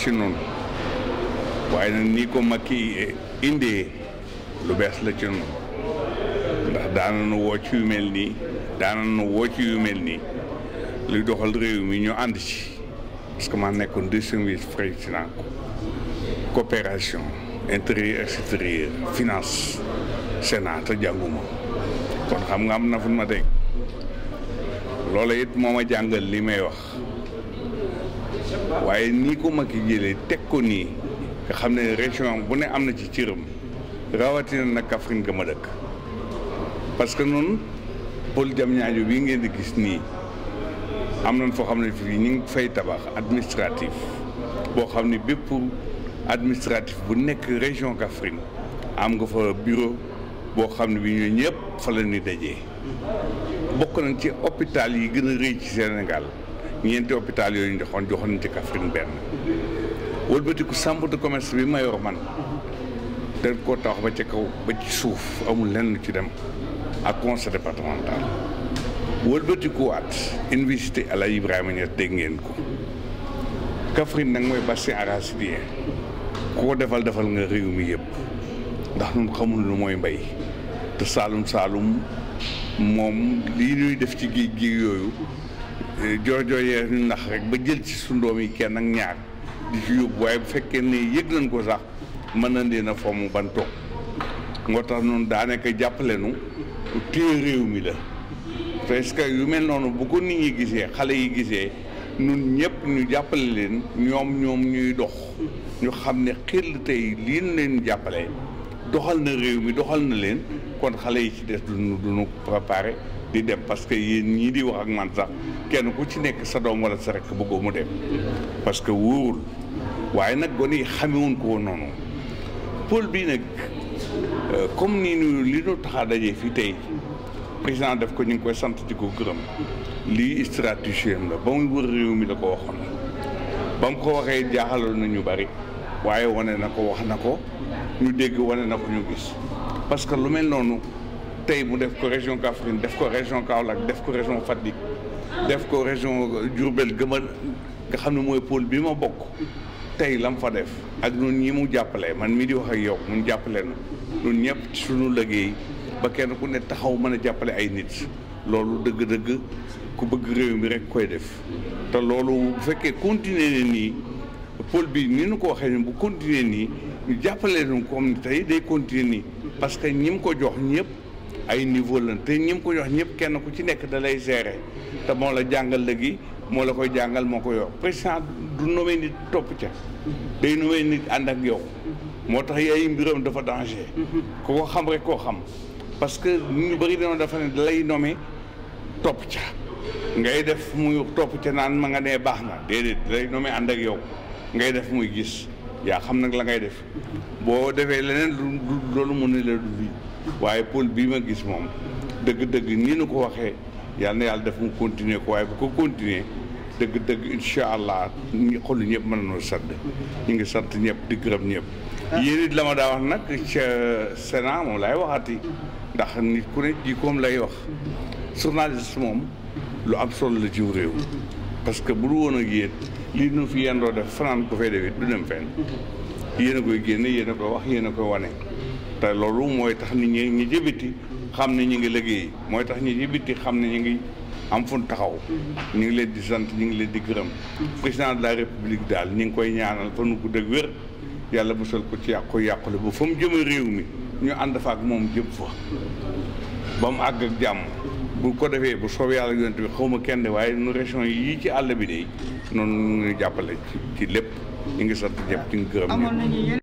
ci noonu waaye nag nii ko ma ki eh, indee lu bees la ci noonu ndax daana nu woo ci yu mel nii daana nu woo ci yu mel nii luy doxal réew mi ñu ànd ci parce que maa nekkoon deuxième vice-président coopération intérieur extérieur finance sénat te jànguma kon xam nga am na ma teg loola it moo ma jàngal li may wax waaye nii ko mag Macky jëlee teg ko nii nga xam ne région bu ne am na ci cëram rawatina nag Kaffrine ga ma dëkk parce que noonu pôle Diamniadio bii ngeen di gis nii am na foo xam ne fii ñu ngi fay tabax administratif boo xam ne bépp administratif bu nekk région Kaffrine am nga fa bureau boo xam ne bi ñooy ñëpp fa la ñuy bokk nañ ci hôpital yi gën a rëy ci Sénégal ñeenti hôpital yoy ñu joxon joxon ci Kaffrine wolbeuti ku sambu de commerce bi mayor man dañ ko tax ba ci kaw ba ci souf amu lenn ci dem ak conseil départemental ku wat université ala ibrahim ñe dégg ngeen ko Kaffrine nag mooy bassin arachidien ko defal defal nga rew mi yëpp ndax ñun xamul lu moy mbay te salum salum mom li ñuy def ci gi gi yoyu joojooyee ñu nax rek ba jël ci sundoom yi kenn ak ñaar di ci yóbbu waaye bu fekkee ne yëg nañ ko sax mën na leen a fomm ban toog ngoo tax noonu daanaka jàppale nu téye réew mi la parce que yu mel noonu bu ko nit ñi gisee xale yi gisee nun ñëpp ñu jàppale leen ñoom ñoom ñuy dox ñu xam ne xel tey lii nu leen jàppale doxal na réew mi doxal na leen kon xale yi ci des duñu préparé di dem parce que yéen ñii di wax ak man sax kenn ku ci nekk sa doom wala sa rek bëggoo mu dem parce que wóorul waaye nag gone yi xamewuñ ko noonu pôle bii nag euh, comme ni nu li ñu tax fii tey président def ko ñu ngi koy sant ci ko gërëm lii stratégie am la ba muy wër réew mi la ko waxoon ba mu ko waxee jaaxaloon na ñu bari waaye wane na ko wax na ko ñu dégg wane na ko ñu gis parce que lu mel noonu tey mu def ko région Kaffrine def ko région Kaolack def ko région Fatick def ko région Diourbel gëma nga xam ne mooy pôle bi ma bokk tey lam fa def ak ñun ñi mu jàppale man mii di wax ak yow mun jàppale na ñun ñëpp ci suñu liggéey ba kenn ku ne taxaw mën a jàppale ay nit loolu dëgg-dëgg ku bëgg réew mi rekk koy def te loolu bu fekkee continuer ne nii pôle bi ni nu ko waxee bu continuer nii ñu jàppale nu comme tey day continuer nii parce que ñi mu ko jox ñëpp ay niveau lan te ñi ko jox ñëpp kenn ku ci nekk dalay lay te moo la jàngal léegi moo la koy jàngal moo ko yor président du nommé nit topp ca day nommé nit ànd ak yow moo tax yaay mbiram dafa danger ku ko xam rek koo xam parce que ñu bëri dañoo dafa ne dalay lay topp ca ngay def muy topp ca naan ma nga nee baax na déedéet da lay ànd ak yow ngay def muy gis yaa xam nag la ngay def boo defee leneen loolu mun ne la du waaye pôle bii ma gis moom dëgg-dëgg nii nu ko waxee yal yàlla def mu continuer ko waaye bu ko continuer dëgg-dëgg incha allah ñu xool ñëpp mën nañoo sadd ñu ngi sant ñëpp di gërëm ñëpp. Ah. yéen it la ma daa wax nag ca Sénat moom laay waxati ndax nit ku ne jikkoom lay wax journaliste moom lu am solo la jiw réew. parce que bu du woon ak yéen lii nu fi doo def fanaan ko fay defit du dem fenn yéen koy génne yéen a koy wax yéen a koy wane. te loolu mooy tax nit ñi ñu jëbiti xam ne ñu ngi liggéey mooy tax ñu jëbiti xam ne ñu ngi am fun taxaw ñu ngi leen di sant ñu ngi leen di gërëm président de la république daal ñu ngi koy ñaanal fa nu gudd ak wér yàlla musal ko ci yàqu yàqule ba fa mu jëma réew mi ñu ànd fa ak moom jëm fa ba mu àgg ak jàmm bu ko defee bu soobee yàlla yonent bi xaw ma kenn waaye nu région yi ci àll bi de noonu ñu jàppale ci lépp ñu ngi sant ñëpp ci ngi gërëm